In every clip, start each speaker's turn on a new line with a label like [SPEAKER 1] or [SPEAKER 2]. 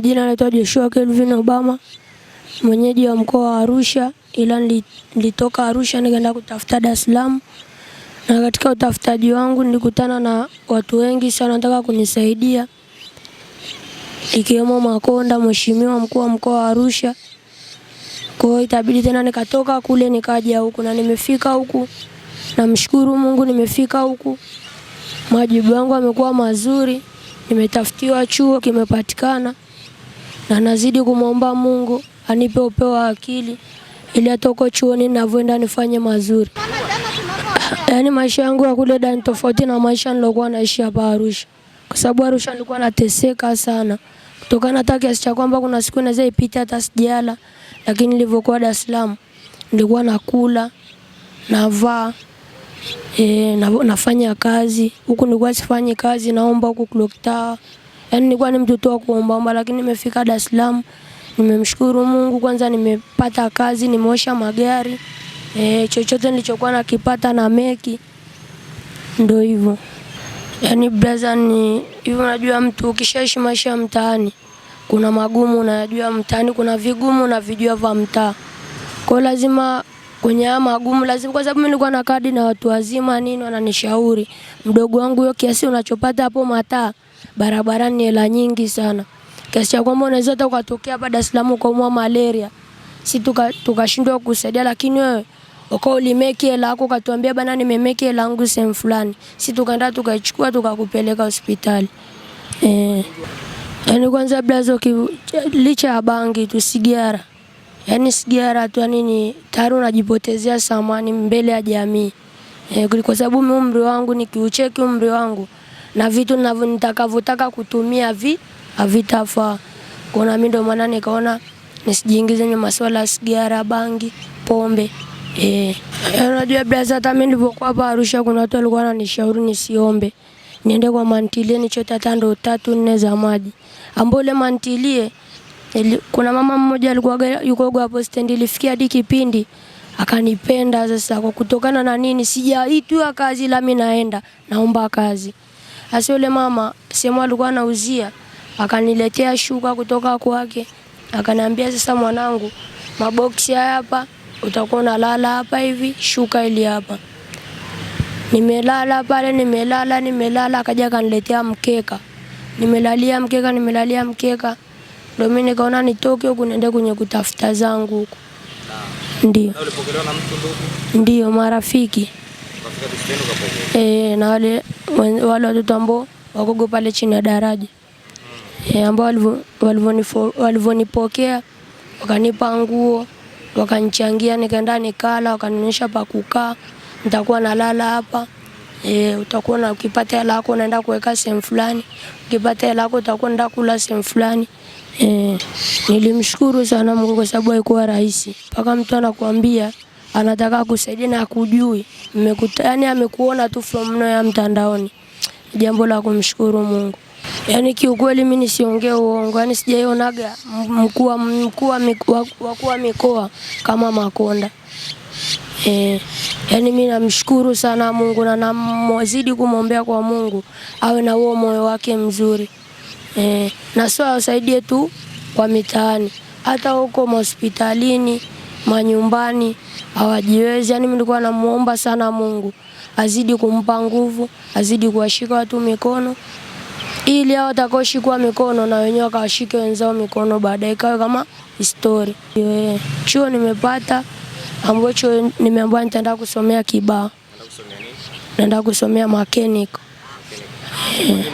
[SPEAKER 1] majina anaitwa Joshua Kelvin Obama, mwenyeji wa mkoa wa Arusha, ila nilitoka Arusha nikaenda kutafuta Dar es Salaam, na katika utafutaji wangu nilikutana na watu wengi sana wanataka kunisaidia, ikiwemo Makonda, mheshimiwa mkuu wa mkoa wa Arusha. Kwa hiyo itabidi tena nikatoka kule nikaja huku, na nimefika huku, namshukuru Mungu, nimefika huku, majibu yangu yamekuwa mazuri, nimetafutiwa chuo kimepatikana na nazidi kumwomba Mungu anipe upeo wa akili ili atoko huko chuoni ninavyoenda nifanye mazuri. Yaani maisha yangu ya kule ndani tofauti na maisha nilokuwa naishi hapa Arusha, kwa sababu Arusha nilikuwa nateseka sana kutokana hata kiasi cha kwamba kuna siku naweza ipita hata sijala, lakini nilivyokuwa Dar es Salaam nilikuwa nakula, navaa e, na, nafanya kazi huku, nilikuwa sifanyi kazi, naomba huku clock tower. Yaani nilikuwa ni mtoto wa kuombaomba, lakini nimefika Dar es Salaam, nimemshukuru Mungu. Kwanza nimepata kazi, nimeosha magari e, chochote nilichokuwa nakipata na meki, ndio hivyo. Yaani brother, ni hivyo. Unajua, mtu ukishaishi maisha ya mtaani, kuna magumu unayajua mtaani, kuna vigumu na vijua vya mtaa, kwa lazima kwenye haya magumu lazima, kwa sababu mimi nilikuwa na kadi na watu wazima nini wananishauri, mdogo wangu, hiyo kiasi unachopata hapo mataa barabarani hela nyingi sana, kiasi cha kwamba unaweza hata ukatokea hapa Dar es Salaam ukaumwa malaria, si tukashindwa tuka kusaidia, lakini wewe ukawa ulimeki hela yako ukatuambia bana, nimemeki hela yangu sehemu fulani, si tukaenda tukaichukua tukakupeleka hospitali eh. Yani kwanza blazo, licha ya bangi tu, sigara yani sigara tu, yani ni tayari unajipotezea samani mbele ya jamii eh, kwa sababu umri wangu nikiucheki umri wangu na vitu nitakavyotaka kutumia vi havitafaa. Kuna mimi ndo maana nikaona nisijiingize kwenye masuala ya sigara, bangi, pombe. Eh, unajua blaza, hata mimi nilipokuwa hapa Arusha kuna watu walikuwa wananishauri nisiombe niende kwa mantilie nichota hata ndo tatu nne za maji, ambapo ile mantilie ili, kuna mama mmoja alikuwa yuko hapo stendi, ilifikia hadi kipindi akanipenda. Sasa kwa kutokana na nini sijaitwa kazi, la mimi naenda naomba kazi. Hasa yule mama sehemu alikuwa anauzia, akaniletea shuka kutoka kwake, akaniambia sasa, mwanangu, maboksi haya hapa, utakuwa unalala hapa hivi, shuka ili hapa. Nimelala pale, nimelala, nimelala, akaja akaniletea mkeka, nimelalia mkeka, nimelalia mkeka, ndio mimi nikaona nitoke huku niende kwenye kutafuta zangu huku. Ndio, ndio marafiki e, na wale wale watoto ambao wakogo pale chini ya daraja e, ambao walivyonipokea wakanipa nguo wakanichangia, nikaenda nikala, wakanionyesha pa kukaa, nitakuwa nalala hapa e, utakuwa na ukipata hela yako unaenda kuweka sehemu fulani, ukipata hela yako utakuwa unaenda kula sehemu fulani. E, nilimshukuru sana Mungu kwa sababu haikuwa rahisi mpaka mtu anakuambia anataka kusaidia na kujui mmekuta, yani amekuona tu from no ya mtandaoni. Jambo la kumshukuru Mungu. Yani kiukweli mimi nisiongee uongo, yani sijaionaga mkuu mkuu mkuu wa mikoa kama Makonda Eh, yani mimi namshukuru sana Mungu na namwazidi kumwombea kwa Mungu awe na huo moyo wake mzuri Eh, na sio awasaidie tu kwa mitaani, hata huko mahospitalini manyumbani hawajiwezi. Yani mimi nilikuwa namuomba sana Mungu azidi kumpa nguvu, azidi kuwashika watu mikono ili hao watakaoshikwa mikono na wenyewe wakawashike wenzao mikono, baadaye ikawe kama histori. Eh, chuo nimepata ambacho nimeambiwa nitaenda kusomea kibao, naenda kusomea mechanic. Eh.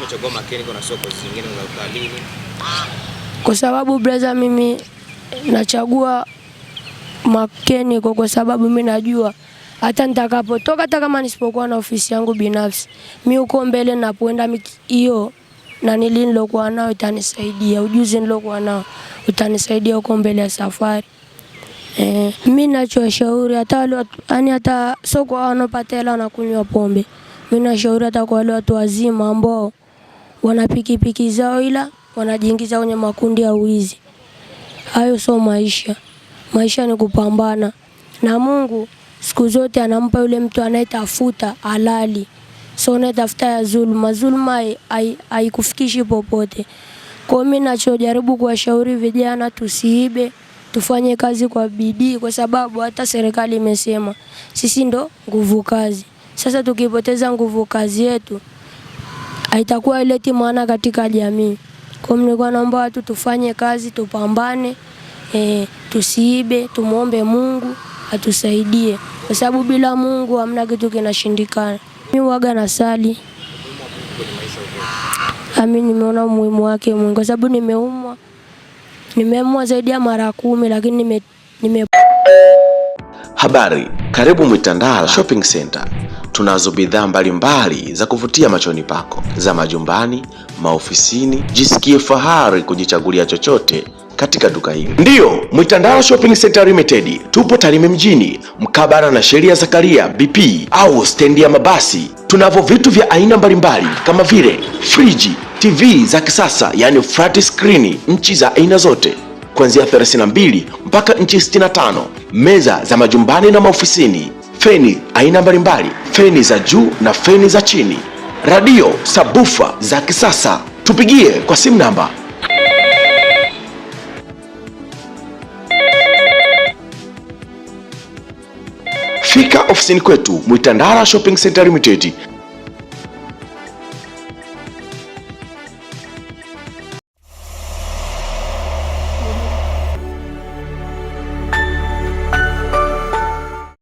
[SPEAKER 1] Kwa sababu brother, mimi nachagua makeniko kwa sababu mimi najua hata nitakapotoka hata kama nisipokuwa na ofisi yangu binafsi, mi huko mbele napoenda hiyo na nili nilokuwa nao itanisaidia, ujuzi nilokuwa nao utanisaidia huko mbele ya safari. Eh, mi nachoshauri hata wale yani, hata sio kwa wanaopata hela wanakunywa pombe. Mi nashauri hata kwa wale watu wazima ambao wana pikipiki zao ila wanajiingiza kwenye makundi ya uizi, hayo sio maisha maisha ni kupambana, na Mungu siku zote anampa yule mtu anayetafuta halali, so unayetafuta ya zuluma. Zuluma haikufikishi popote. Kwa mimi nachojaribu kuwashauri vijana, tusiibe, tufanye kazi kwa bidii, kwa sababu hata serikali imesema sisi ndo nguvu kazi. Sasa tukipoteza nguvu kazi yetu haitakuwa ileti maana katika jamii. Kwa mimi nilikuwa naomba watu tufanye kazi, tupambane e, tusiibe, tumwombe Mungu atusaidie, kwa sababu bila Mungu hamna kitu kinashindikana. Mimi waga na sali ami, nimeona umuhimu wake Mungu kwa sababu nimeumwa, nimeumwa zaidi ya mara kumi, lakini nime, nime...
[SPEAKER 2] Habari, karibu Mwitandala Shopping Center tunazo bidhaa mbalimbali za kuvutia machoni pako za majumbani, maofisini. Jisikie fahari kujichagulia chochote katika duka hili. Ndiyo, Mtandao Shopping Center Limited tupo Tarime mjini mkabara na sheria Zakaria BP au stendi ya mabasi. Tunavyo vitu vya aina mbalimbali kama vile friji, TV za kisasa yani flat screen, nchi za aina zote kuanzia 32 mpaka nchi 65, meza za majumbani na maofisini, feni aina mbalimbali feni za juu na feni za chini, radio, sabufa za kisasa. Tupigie kwa simu namba Fika ofisini kwetu Mwitandara Shopping Center Limited.